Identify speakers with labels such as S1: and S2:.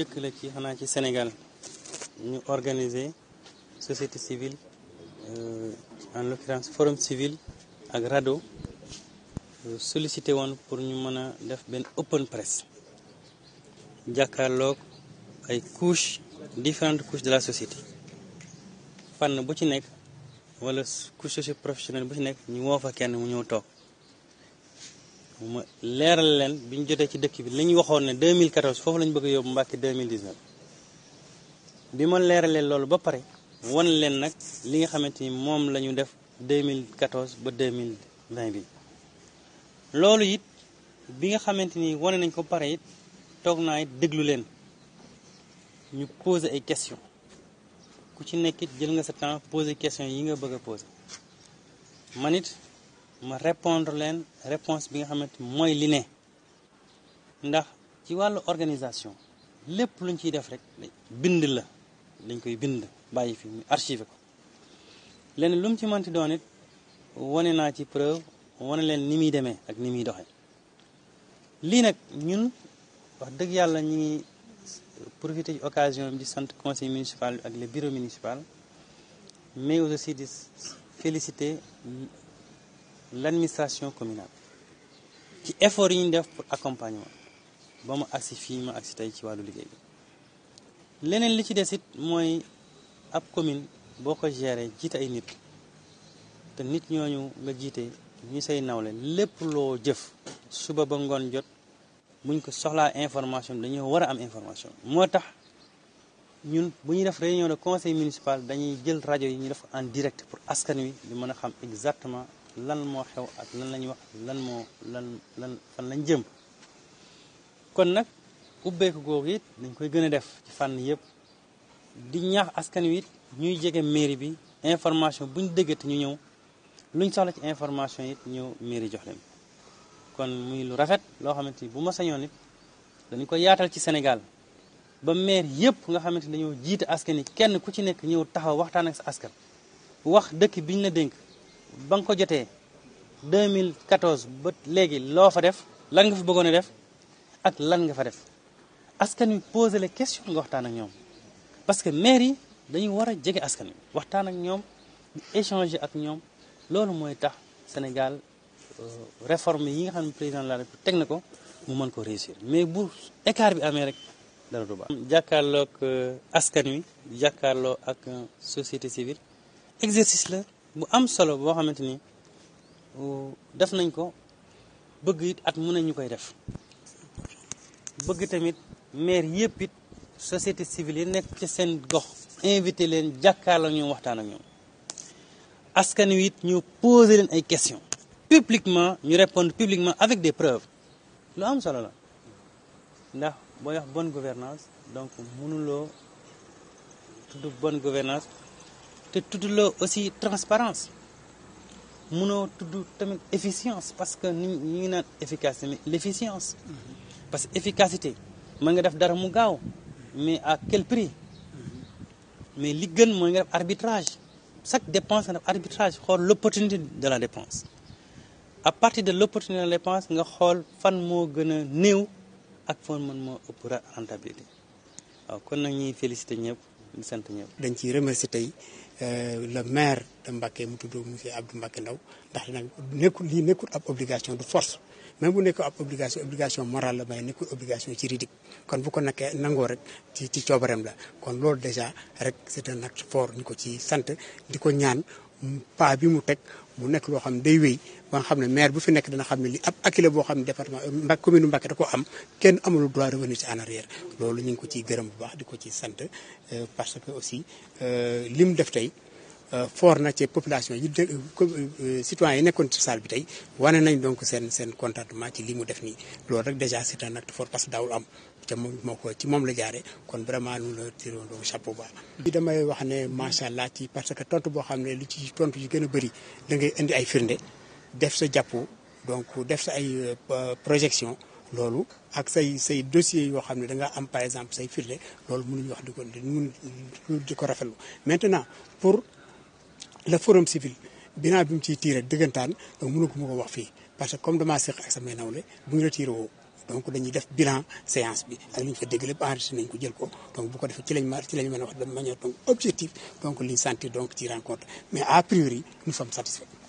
S1: njëkk la ci xanaa ci Sénégal ñu organiser société civile euh, en l'occurrence forum civil ak RADDHO euh, sollicité woon pour ñu mën a def benn open press jàkkaarloog ay couches différentes couches de la société fànn bu ci nekk wala couche socio professionnelle bu ci nekk ñu woo kenn mu ñëw toog bu ma leeral leen bi ñu jotee ci dëkk bi li ñu waxoon ne 2014 foofu la ñu bëgg a yóbbu Mbàkke 2019 bi ma leeralee loolu ba pare wan leen nag li nga xamante ni moom la ñu def 2014 ba 2020 bi loolu it bi nga xamante ni wane nañ ko pare it toog naa it déglu leen ñu posé ay questions ku ci nekk jël nga sa temps posé questions yi nga bëgg a posé man ma répondre leen réponse bi nga xamante mooy li ne ndax ci wàllu organisation lépp luñ ciy def rek bind la dañ koy bind bàyyi fi mu archivé ko leneen lu mu ci manti doon it wane naa ci preuve wane leen ni muy demee ak ni muy doxe lii nag ñun wax dëgg yàlla ñu ngi profité ci occasion bi di sant conseil municipal ak le bureau municipal mais aussi di félicité l'administration communal ci effort yi ñu def pour accompagnement ba mu agsi fii ma agsi tey ci wàllu liggéey bi leneen li ci des it mooy ab commune boo ko géré jiite ay nit te nit ñooñu nga jiitee ñu say nawle lépp loo jëf suba ba ngoon jot buñ ko soxlaa information dañoo war a am information moo tax ñun bu ñuy def réunion de conseil municipal dañuy jël rajo yi ñu def en direct pour askan wi di mën a xam exactement lan moo xew ak lan lañ wax lan moo lan lan fan lañ jëm kon nag ubbeeku googu it dañ koy gën a def ci fànn yëpp di ñaax askan wi ñuy jege mairie bi information buñ dëggee te ñu ñëw luñ soxla ci information it ñëw mairie jox leen kon muy lu rafet loo xamante ni bu ma sañoon it dañ ko yaatal ci senegal ba maire yëpp nga xamante dañoo jiite askan yi kenn ku ci nekk ñëw taxaw waxtaan ak sa askan wax dëkk biñ la dénk ba nga ko jotee 2014 ba léegi loo fa def lan nga fa bëggoon a def ak lan nga fa def askan wi pose la question nga waxtaan ak ñoom parce que maire yi dañu war a jege askan wi waxtaan ak ñoom échanger ak ñoom loolu mooy tax Sénégal euh, réforme yi nga xam ne président de la République teg na ko mu mën ko réussir mais bu écart bi amee rek dara du baax. jàkkaarloog euh, askan wi jàkkaarloo ak euh, société civile exercice la. bu am solo boo xamante ni def nañ ko bëgg it at mun ne ñu koy def bëgg tamit maire yëpp it société civile yi nekk ca seen gox invité leen jàkkaarloo ñu waxtaan ak ñoom askan wi it ñu poser leen ay questions publiquement ñu répondre publiquement avec des preuves lu am solo la ndax boo wax bon gouvernance donc mënuloo tudd bonne gouvernance te tuddloo aussi transparence munoo tudd tamit efficience parce que ni ñu ngi naan efficacité mais l'efficience parce que efficacité mën nga def dara mu gaaw mais à quel prix mais li gën mooy nga def arbitrage chaque dépense nga def arbitrage xool l'opportunité de la dépense à partir de l'opportunité de la dépense nga xool fan moo
S2: gën a néew
S1: ak fan mën moo ëpp rentabilité kon nag ñuy félicité ñëpp ñu sant ñëpp. dañ
S2: ciy remercier tey euh, le maire de Mbacké mu tudd monsieur Abdou Mbacké Ndaw ndax nag nekkul lii nekkul ab obligation de force même bu nekkul ab obligation obligation morale la may nekkul obligation juridique kon bu ko nekkee nangoo rek ci ci coobareem la kon loolu déjà rek c'est un nag fort ñu ko ci sant di ko ñaan. pas bi mu teg mu nekk loo xam ne day wéy ba nga xam ne maire bu fi nekk dana xam ne li ab akile boo xam ne département euh, Mbacké commune Mbacké da am kenn amul droit revenir ci en arrière loolu ñu ngi ko ciy gërëm bu baax di ko ciy sant euh, parce que aussi euh, lim def tey Euh, fort na ci population yi euh, citoyens yi nekkoon ci salle bi tey wane nañ donc seen seen contentement ci li mu def nii loolu rek déjà c'est un acte fort parce que daawul am te moom moo ko ci moom la jaare kon vraiment nous le tirons donc chapeau bas bi damay wax ne macha allah ci parce que tontu boo xam ne lu ci tontu yu gën a bari da ngay indi ay firnde def sa jàppoo donc def sa ay euh, projection loolu ak say say dossiers yoo xam ne da nga am par exemple say firnde loolu mënuñu wax di ko di ko rafetlu maintenant pour le forum civil bilan bi mu ciy tiire dëggantaan mënu ko mu ko wax fii parce que comme damaa seq ak samay nawle bu ñu retiré woo donc dañuy def bilan séance bi ak li ñu fa dégg lépp enregistré nañ ko jël ko donc bu ko defee ci lañ ma ci lañ mën a wax de manière donc objective donc liñ sentir donc ci mais à priori nous sommes satisfaits